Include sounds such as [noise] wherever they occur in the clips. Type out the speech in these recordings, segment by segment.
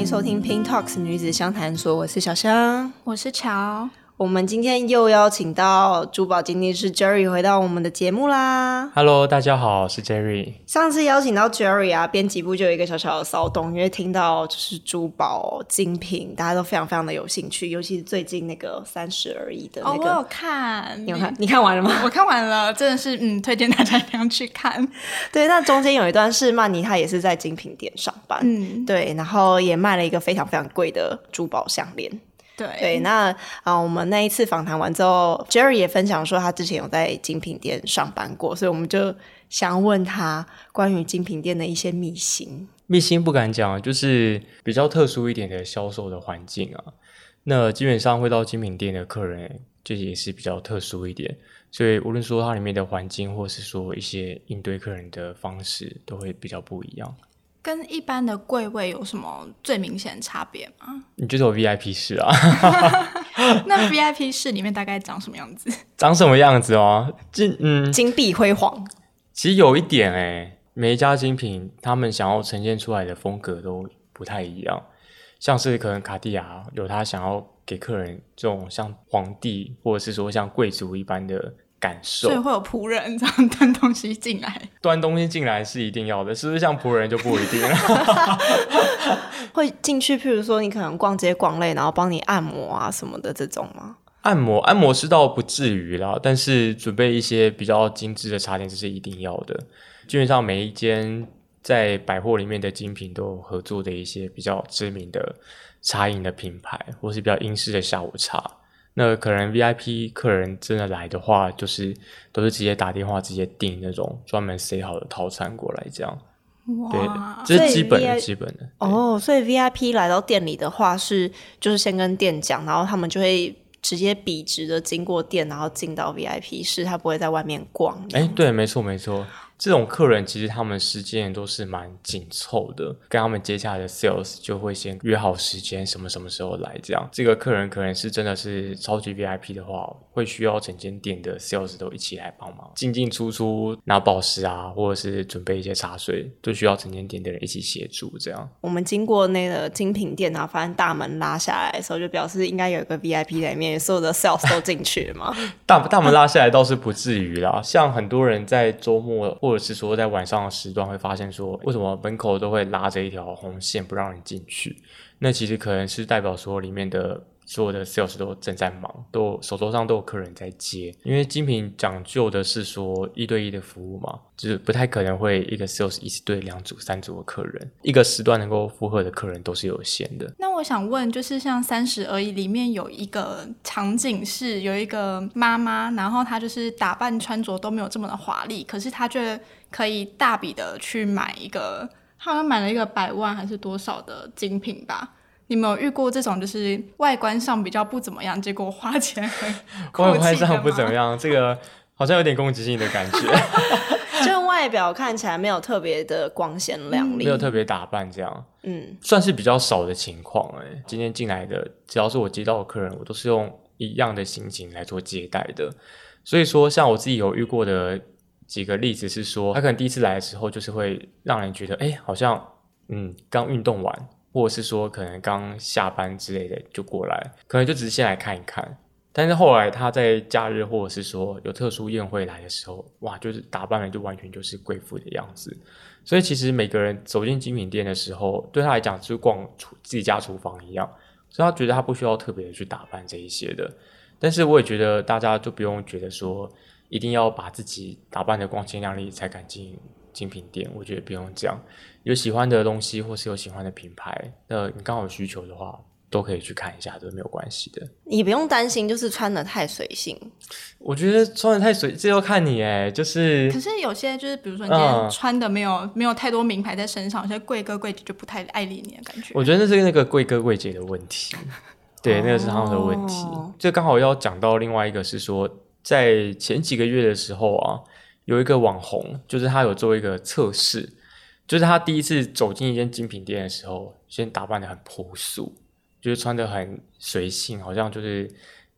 歡迎收聽《PinkTalks》女子相談所，我是小香，我是喬。我們今天又邀請到珠寶鑑定師 Jerry 回到我們的節目啦。Hello，大家好，我是 Jerry。上次邀請到 Jerry 啊，編輯部就有一個小小的騷動，因為聽到就是珠寶精品，大家都非常非常的有興趣，尤其是最近那個三十而已的那個、哦、我好看，你有看，你看完了嗎？我我看完了，真的是嗯，推薦大家一定要去看。 [laughs] 對，那中間有一段是曼妮她也是在精品店上班，嗯，對，然後也賣了一個非常非常貴的珠寶項鏈。對,對，那啊、呃，我們那一次訪談完之後，Jerry 也分享說他之前有在精品店上班過，所以我們就想問他關於精品店的一些秘辛。秘辛不敢講，就是比較特殊一點的銷售的環境啊。那基本上會到精品店的客人就也是比較特殊一點，所以無論說它裡面的環境，或是說一些應對客人的方式，都會比較不一樣。跟一般的櫃位有什麼最明顯的差別嗎？你覺得我 VIP 室啊？ [laughs] [laughs] 那 VIP 室裡面大概長什麼樣子？長什麼樣子哦？金嗯，金碧輝煌。其實有一點哎，每一家精品他們想要呈現出來的風格都不太一樣。像是可能卡地亞有他想要給客人這種像皇帝或者是說像貴族一般的。感受，所以會有僕人這樣端東西進來。端東西進來是一定要的，是不是像僕人就不一定了？ [laughs] 會進去，譬如說你可能逛街逛累，然後幫你按摩啊什麼的這種嗎？按摩，按摩是倒不至於啦，但是準備一些比較精緻的茶點，這是一定要的。基本上每一間在百貨裡面的精品都有合作的一些比較知名的茶飲的品牌，或是比較英式的下午茶。那個、可能 VIP 客人真的來的話，就是都是直接打電話，直接訂那種專門 set 好的套餐過來，這樣，哇對，這、就是基本的 v... 基本的。哦，oh，所以 VIP 來到店裡的話是，是就是先跟店講，然後他們就會直接筆直的經過店，然後進到 VIP 室，他不會在外面逛。哎、欸，對，沒錯，沒錯。這種客人其實他們時間都是蠻緊湊的，跟他們接下來的 sales 就會先約好時間，什麼什麼時候來，這樣。這個客人可能是真的是超級 VIP 的話，會需要整間店的 sales 都一起來幫忙，進進出出拿寶石啊，或者是準備一些茶水，都需要整間店的人一起協助這樣。我們經過那個精品店，然後發現大門拉下來的時候，就表示應該有一個 VIP 在裡面，所有的 sales 都進去嘛。 [laughs] 大大門拉下來倒是不至於啦，啊，像很多人在周末，或者是說，在晚上的時段會發現說，為什麼門口都會拉着一條紅線不讓人進去？那其實可能是代表說，裡面的。所有的 sales 都正在忙，都手頭上都有客人在接。因為精品講究的是說一對一的服務嘛，就是不太可能會一個 sales 一直對兩組、三組的客人，一個時段能夠負荷的客人都是有限的。那我想問，就是像三十而已裡面有一個場景是有一個媽媽，然後她就是打扮穿着都沒有這麼的華麗，可是她卻可以大筆的去買一個，她好像買了一個百萬還是多少的精品吧。你有沒有遇過這種，就是外觀上比較不怎麼樣，結果花錢很。 [laughs] 外觀上不怎麼樣，這個好像有點攻擊性的感覺。 [laughs] [laughs] 就外表看起來沒有特別的光鮮亮麗，嗯，沒有特別打扮這樣，嗯，算是比較少的情況。哎，今天進來的，只要是我接到的客人，我都是用一樣的心情來做接待的。所以說，像我自己有遇過的幾個例子是說，他、啊、可能第一次來的時候，就是會讓人覺得，哎、欸，好像嗯剛運動完。或者是說可能剛下班之類的就過來，可能就只是先來看一看。但是後來他在假日或者是說有特殊宴會來的時候，哇，就是打扮了就完全就是貴婦的樣子。所以其實每個人走進精品店的時候，對他來講就是逛廚自己家廚房一樣，所以他覺得他不需要特別的去打扮這一些的。但是我也覺得大家就不用覺得說一定要把自己打扮的光鮮亮麗才敢進。精品店，我覺得不用講。有喜歡的東西，或是有喜歡的品牌，那你剛好需求的話，都可以去看一下，都是沒有關係的。你不用擔心，就是穿的太隨性。我覺得穿的太隨，這要看你哎，就是。可是有些就是，比如說你今天穿的沒有、嗯、沒有太多名牌在身上，有些貴哥貴姐就不太愛理你的感覺。我覺得那是那個貴哥貴姐的問題， [laughs] [laughs] 對，那個是他們的問題。這、哦、剛好要講到另外一個是說，在前幾個月的時候啊。有一個網紅，就是他有做一個測試，就是他第一次走進一間精品店的時候，先打扮得很樸素，就是穿得很隨性，好像就是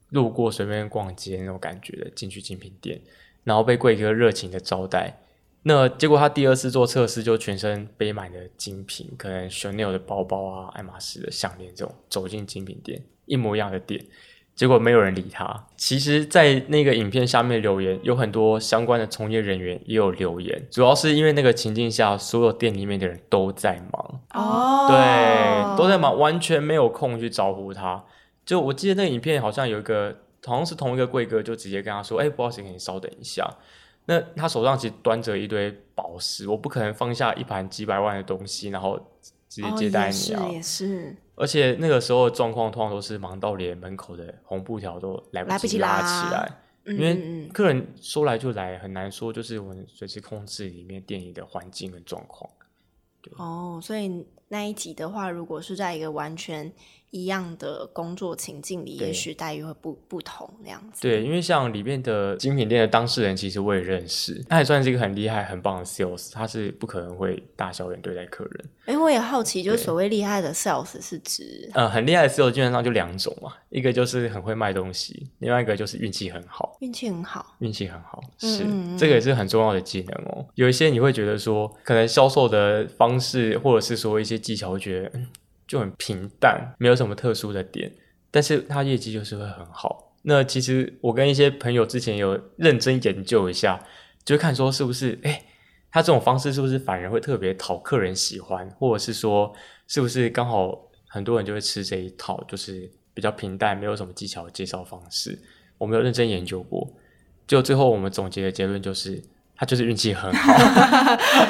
路過隨便逛街那種感覺的，進去精品店，然後被櫃哥熱情的招待。那結果他第二次做測試，就全身背滿了精品，可能 Chanel 的包包啊，愛馬仕的項鏈這種，走進精品店，一模一樣的店。結果沒有人理他。其實，在那個影片下面留言，有很多相關的從業人員也有留言，主要是因為那個情境下，所有店裡面的人都在忙。哦、oh.，對，都在忙，完全沒有空去招呼他。就我記得那個影片好像有一個，好像是同一個櫃哥，就直接跟他說：“哎，不好意思，給你稍等一下。”那他手上其實端着一堆寶石，我不可能放下一盤幾百萬的東西，然後，直接接待你啊。哦，也是，而且那個時候狀況通常都是忙到連門口的紅布條都來不及拉起來，來、啊，因為客人說來就來，很難說就是我們隨時控制裡面店裡的環境跟狀況。對，哦，所以。那一集的話，如果是在一個完全一樣的工作情境裡，也許待遇會不不同那樣子。對，因為像裡面的精品店的當事人，其實我也認識，他也算是一個很厲害、很棒的 sales，他是不可能會大小眼對待客人。因、欸、為我也好奇，就是所謂厲害的 sales 是指，呃，很厲害的 sales 基本上就兩種嘛，一個就是很會賣東西，另外一個就是運氣很好。運氣很好，運氣很好，是，嗯嗯嗯嗯，這個也是很重要的技能哦。有一些你會覺得說，可能銷售的方式，或者是說一些。技巧我覺得就很平淡，沒有什麼特殊的點，但是他業績就是會很好。那其實我跟一些朋友之前有認真研究一下，就是看說是不是，誒，他這種方式是不是反而會特別討客人喜歡，或者是說是不是剛好很多人就會吃這一套，就是比較平淡，沒有什麼技巧的介紹方式。我沒有認真研究過，就最後我們總結的結論就是。他就是運氣很好，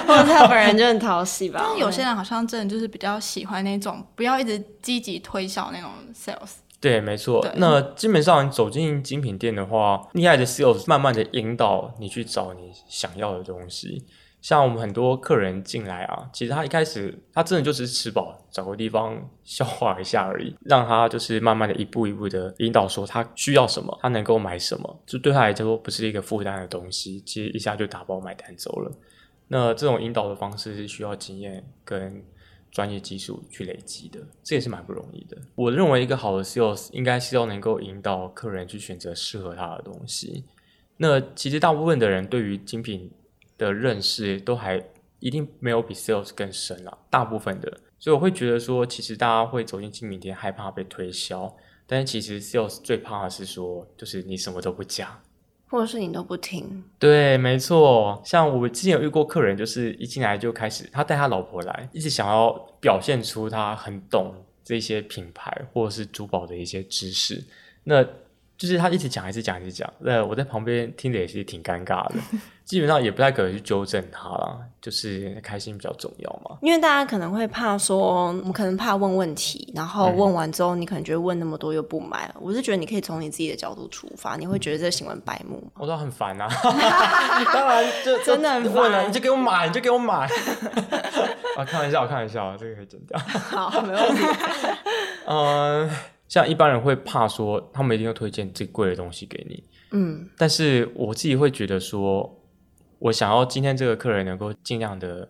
或者他本人就很討喜吧。 [laughs] 但有些人好像真的就是比較喜歡那種不要一直積極推銷那種 sales。對，沒錯。那基本上你走進精品店的話，厲害的 sales 慢慢的引導你去找你想要的東西。像我們很多客人進來啊，其實他一開始他真的就只是吃飽，找個地方消化一下而已。讓他就是慢慢的一步一步的引導，說他需要什麼，他能夠買什麼，就對他來說不是一個負擔的東西，其實一下就打包買單走了。那這種引導的方式是需要經驗跟專業技術去累積的，這也是蠻不容易的。我認為一個好的 sales 應該是要能夠引導客人去選擇適合他的東西。那其實大部分的人對於精品。的認識都還一定沒有比 sales 更深了，啊，大部分的，所以我會覺得說，其實大家會走進精品店害怕被推銷，但是其實 sales 最怕的是說，就是你什麼都不講，或者是你都不聽。對，沒錯。像我之前有遇過客人，就是一進來就開始，他帶他老婆來，一直想要表現出他很懂這些品牌或者是珠寶的一些知識，那就是他一直講，一直講，一直講。那我在旁邊聽着也是挺尷尬的。 [laughs] 基本上也不太可能去糾正他啦，就是開心比較重要嘛。因為大家可能會怕說，我們可能怕問問題，然後問完之後你可能覺得問那麼多又不買。嗯。我是覺得你可以從你自己的角度出發，你會覺得這新聞白目嗎？嗯、我都很煩啊！ [laughs] [laughs] 當然就真的很煩啊！你就給我買，你就給我買！ [laughs] 啊，開玩笑，開玩笑啊，這個可以整掉。 [laughs] 好，沒問題。嗯、 [laughs] uh,，像一般人會怕說，他們一定會推薦最貴的東西給你。嗯，但是我自己會覺得說。我想要今天這個客人能夠儘量的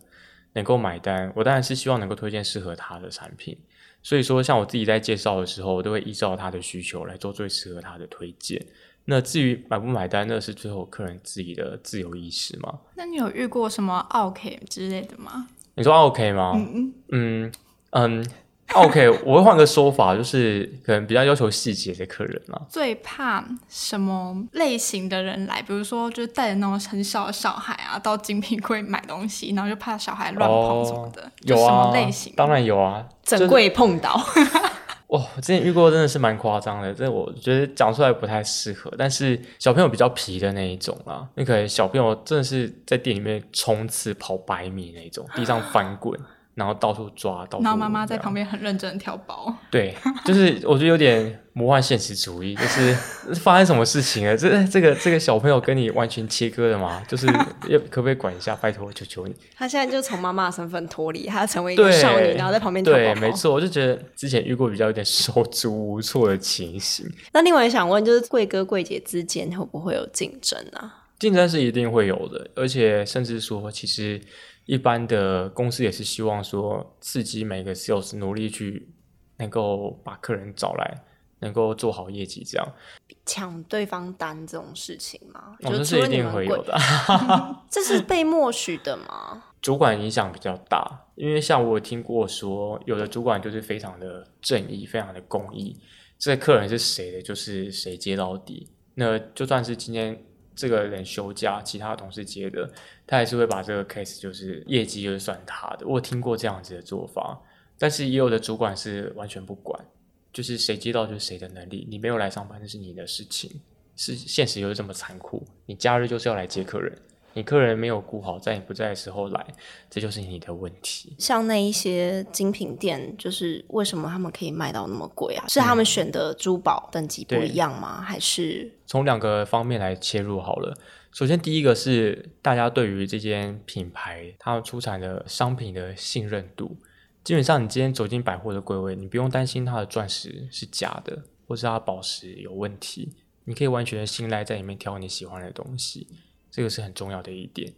能夠買單，我當然是希望能夠推薦適合他的產品。所以說，像我自己在介紹的時候，我都會依照他的需求來做最適合他的推薦。那至於買不買單，那是最後客人自己的自由意識嘛。那你有遇過什麼奧客之類的嗎？你說奧客嗎？嗯嗯嗯嗯。嗯 [laughs] OK，我會換個說法，就是可能比較要求細節的客人啦、啊。最怕什麼類型的人來？比如說，就是帶着那種很小的小孩啊，到精品櫃買東西，然後就怕小孩亂跑什麼的。哦、有啊，什麼類型當然有啊。整櫃碰到。哇、就是，我、 [laughs] 哦、之前遇過真，真的是蠻誇張的。這我覺得講出來不太適合，但是小朋友比較皮的那一種啦、啊。那可能小朋友真的是在店裡面衝刺跑百米那一種，地上翻滾。 [laughs] 然後到處抓，到處然後媽媽在旁邊很認真挑包。對，就是我覺得有點魔幻現實主義，就是發生什麼事情啊？這這個這個小朋友跟你完全切割了嘛？就是要可不可以管一下？拜託，求求你！他現在就從媽媽的身份脫離，他要成為一個少女，然後在旁邊包包。對，沒錯，我就覺得之前遇過比較有點手足無措的情形。那另外想問，就是貴哥貴姐之間會不會有競爭啊？競爭是一定會有的，而且甚至說，其實。一般的公司也是希望說，刺激每個 sales 努力去能夠把客人找來，能夠做好業績。這樣搶對方單這種事情嗎？哦、我覺得這是一定會有的， [laughs] 這是被默許的嗎？主管影響比較大，因為像我有聽過說，有的主管就是非常的正義，非常的公義，這個、客人是誰的，就是誰接到底。那就算是今天。這個人休假，其他同事接的，他還是會把這個 case 就是業績就是算他的。我聽過這樣子的做法，但是也有的主管是完全不管，就是誰接到就是誰的能力，你沒有來上班那是你的事情，是現實又是這麼殘酷，你假日就是要來接客人。你客人沒有顧好，在你不在的時候來，這就是你的問題。像那一些精品店，就是為什麼他們可以賣到那麼貴啊？嗯。是他們選的珠寶等級不一樣嗎？還是從兩個方面來切入好了。首先，第一個是大家對於這間品牌，它出產的商品的信任度。基本上，你今天走進百貨的櫃位，你不用擔心它的鑽石是假的，或是它寶石有問題，你可以完全信賴在裡面挑你喜歡的東西。這個是很重要的一點。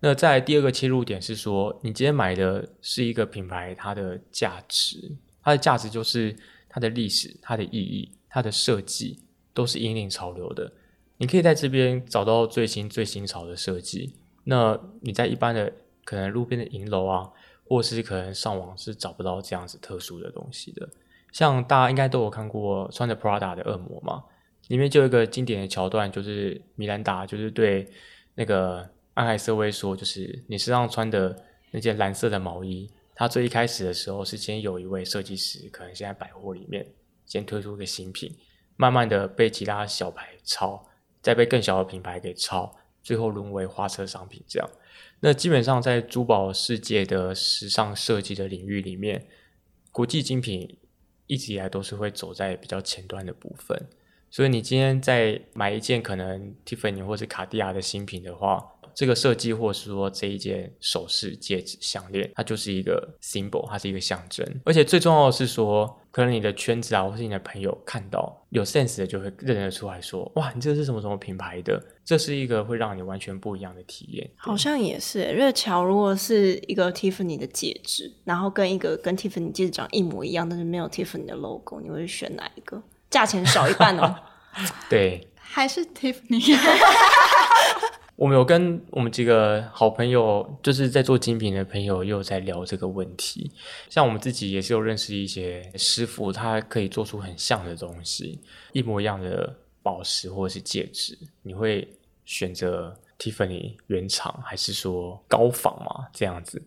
那在第二個切入點是說，你今天買的是一個品牌，它的價值，它的價值就是它的歷史、它的意義、它的設計都是引領潮流的。你可以在這邊找到最新、最新潮的設計。那你在一般的可能路邊的銀樓啊，或是可能上網是找不到這樣子特殊的東西的。像大家應該都有看過穿着 Prada 的惡魔嘛，裡面就有一個經典的橋段，就是米蘭達就是對。那個安海瑟薇說，就是你身上穿的那件藍色的毛衣，它最一開始的時候是先有一位設計師，可能先在百貨裡面先推出個新品，慢慢的被其他小牌抄，再被更小的品牌給抄，最後淪為花車商品這樣。那基本上在珠寶世界的時尚設計的領域裡面，國際精品一直以來都是會走在比較前端的部分。所以你今天在買一件可能 Tiffany 或是卡地亞的新品的話，這個設計或是說，這一件首飾、戒指、項鏈，它就是一個 symbol，它是一個象徵。而且最重要的是說，可能你的圈子啊，或是你的朋友看到有 sense 的，就會認得出來說，哇，你這個是什麼什麼品牌的？這是一個會讓你完全不一樣的體驗。好像也是，因為喬如果是一個 Tiffany 的戒指，然後跟一個跟 Tiffany 戒指長一模一樣，但是沒有 Tiffany 的 logo，你會選哪一個？價錢少一半哦， [laughs] 對，還是 Tiffany。 [laughs] 我們有跟我們幾個好朋友，就是在做精品的朋友，又在聊這個問題。像我們自己也是有認識一些師傅，他可以做出很像的東西，一模一樣的寶石或者是戒指。你會選擇 Tiffany 原廠，還是說高仿嘛？這樣子，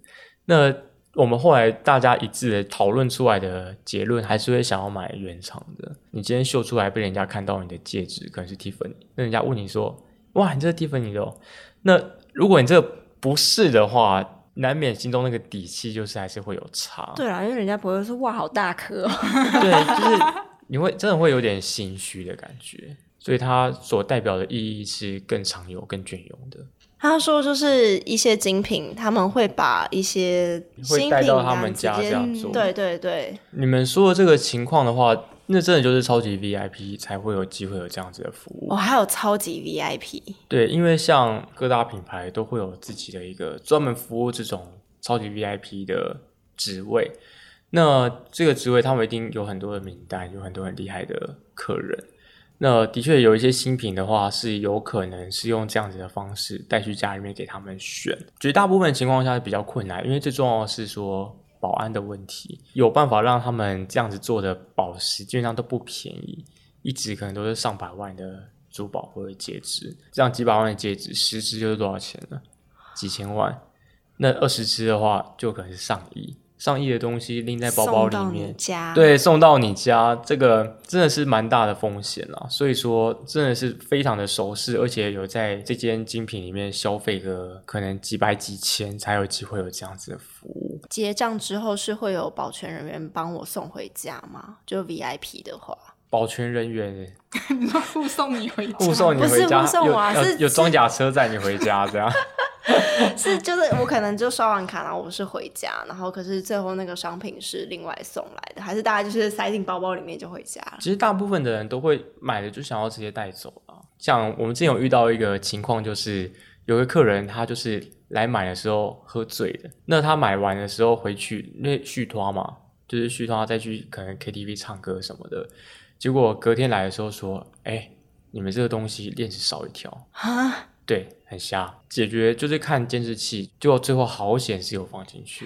那。我們後來大家一致討論出來的結論，還是會想要買原廠的。你今天秀出來被人家看到你的戒指，可能是蒂芬尼，那人家問你說：“哇，你這是蒂芬 f 的哦？”那如果你這個不是的話，難免心中那個底氣就是還是會有差。對啊，因為人家不會說：“哇，好大顆、哦。 [laughs] ”對，就是你會真的會有點心虛的感覺，所以它所代表的意義是更常有、更雋永的。他說，就是一些精品，他們會把一些精品會帶到他們家這樣做。對對對，你們說的這個情況的話，那真的就是超級 VIP 才會有機會有這樣子的服務。哦，還有超級 VIP。對，因為像各大品牌都會有自己的一個專門服務這種超級 VIP 的職位，那這個職位他們一定有很多的名單，有很多很厲害的客人。那的確有一些新品的話，是有可能是用這樣子的方式帶去家裡面給他們選。絕大部分情況下是比較困難，因為最重要的是說保安的問題，有辦法讓他們這樣子做的寶石基本上都不便宜，一隻可能都是上百萬的珠寶或者戒指，這樣幾百萬的戒指，十隻就是多少錢了？幾千萬，那二十隻的話，就可能是上億。上億的東西拎在包包裡面，對，送到你家，這個真的是蠻大的風險，所以說，真的是非常的舒適，而且有在這間精品裡面消費個可能幾百幾千，才有機會有這樣子的服務。結賬之後是會有保全人員幫我送回家嗎？就 VIP 的話，保全人員護 [laughs] 送你回家，護送你回家，是、啊、有裝甲車載你回家這樣。 [laughs] [laughs] 是，就是我可能就刷完卡，然後我是回家，然後可是最後那個商品是另外送來的，還是大家就是塞進包包裡面就回家？其實大部分的人都會買的，就想要直接帶走了，啊。像我們之前有遇到一個情況，就是有個客人他就是來買的時候喝醉的，那他買完的時候回去那續，續托嘛，就是續托再去可能 KTV 唱歌什麼的，結果隔天來的時候說：“哎，你們這個東西鏈子少一條啊。”對，很瞎。解決就是看監視器，就最後好險是有放進去。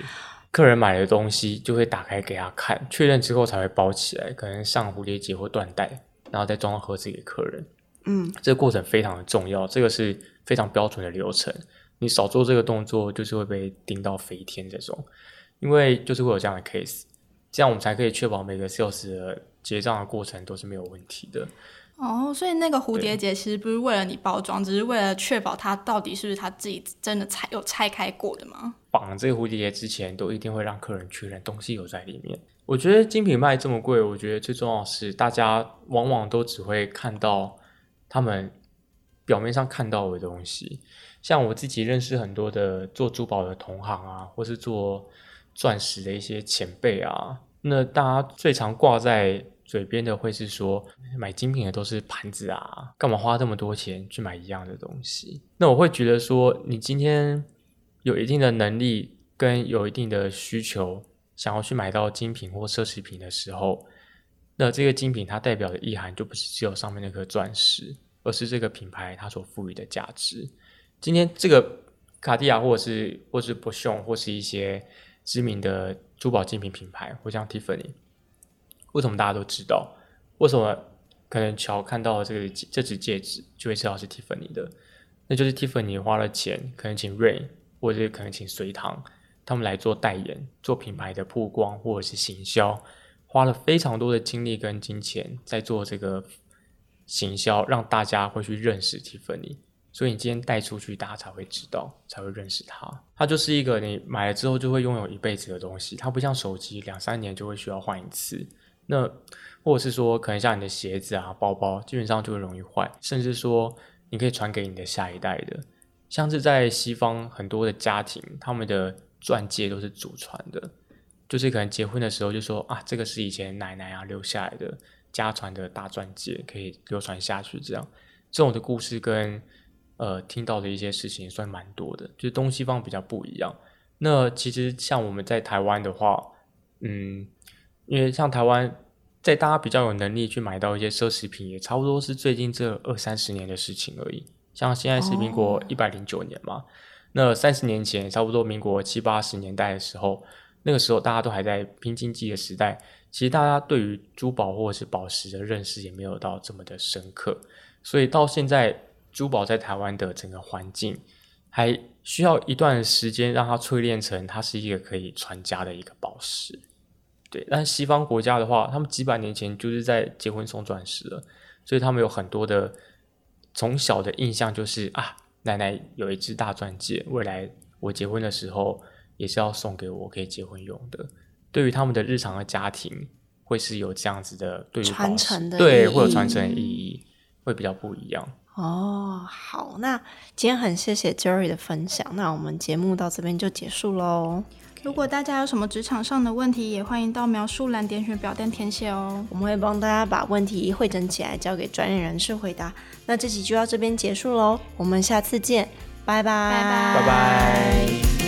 客人買的東西就會打開給他看，確認之後才會包起來，可能上蝴蝶結或緞帶，然後再裝盒子給客人。嗯，這個過程非常的重要，這個是非常標準的流程。你少做這個動作，就是會被盯到飛天這種。因為就是會有這樣的 case，這樣我們才可以確保每個 sales 的結賬的過程都是沒有問題的。哦，所以那個蝴蝶結其實不是為了你包裝，只是為了確保它到底是不是他自己真的拆有拆開過的嗎？綁這個蝴蝶結之前，都一定會讓客人確認東西有在裡面。我覺得精品賣這麼貴，我覺得最重要的是大家往往都只會看到他們表面上看到的東西。像我自己認識很多的做珠寶的同行啊，或是做鑽石的一些前輩啊，那大家最常掛在。嘴邊的會是說，買精品的都是盤子啊，幹嘛花這麼多錢去買一樣的東西？那我會覺得說，你今天有一定的能力跟有一定的需求，想要去買到精品或奢侈品的時候，那這個精品它代表的意涵就不是只有上面那顆鑽石，而是這個品牌它所賦予的價值。今天這個卡地亞，或者是 Buchon, 或是博雄，或是一些知名的珠寶精品品品牌，或像 Tiffany 為什麼大家都知道？為什麼可能喬看到了這個這隻戒指就會知道是蒂芬尼的？那就是蒂芬尼花了錢，可能請 Ray 或者是可能請隋唐他們來做代言，做品牌的曝光或者是行銷，花了非常多的精力跟金錢在做這個行銷，讓大家會去認識蒂芬尼。所以你今天帶出去，大家才會知道，才會認識它。它就是一個你買了之後就會擁有一輩子的東西，它不像手機，兩三年就會需要換一次。那，或者是說，可能像你的鞋子啊、包包，基本上就會容易壞，甚至說，你可以傳給你的下一代的。像是在西方很多的家庭，他們的鑽戒都是祖傳的，就是可能結婚的時候就說啊，這個是以前奶奶啊留下來的家傳的大鑽戒，可以流傳下去。這樣，這種的故事跟呃聽到的一些事情算蠻多的，就是東西方比較不一樣。那其實像我們在台灣的話，嗯。因為像台灣，在大家比較有能力去買到一些奢侈品，也差不多是最近這二三十年的事情而已。像現在是民國一百零九年嘛，那三十年前，差不多民國七八十年代的時候，那個時候大家都還在拼經濟的時代，其實大家對於珠寶或者是寶石的認識也沒有到這麼的深刻，所以到現在，珠寶在台灣的整個環境，還需要一段時間讓它淬煉成它是一個可以傳家的一個寶石。對，但西方國家的話，他們幾百年前就是在結婚送鑽石了，所以他們有很多的從小的印象就是啊，奶奶有一隻大鑽戒，未來我結婚的時候也是要送給我，可以結婚用的。對於他們的日常的家庭，會是有這樣子的傳承的。對，會有傳承的意義會比較不一樣。哦，好，那今天很謝謝 Jerry 的分享，那我們節目到這邊就結束嘍如果大家有什麼職場上的問題，也歡迎到描述欄點選表單填寫哦，我們會幫大家把問題彙整起來，交給專業人士回答。那這集就到這邊結束嘍，我們下次見，拜拜，拜拜，拜拜。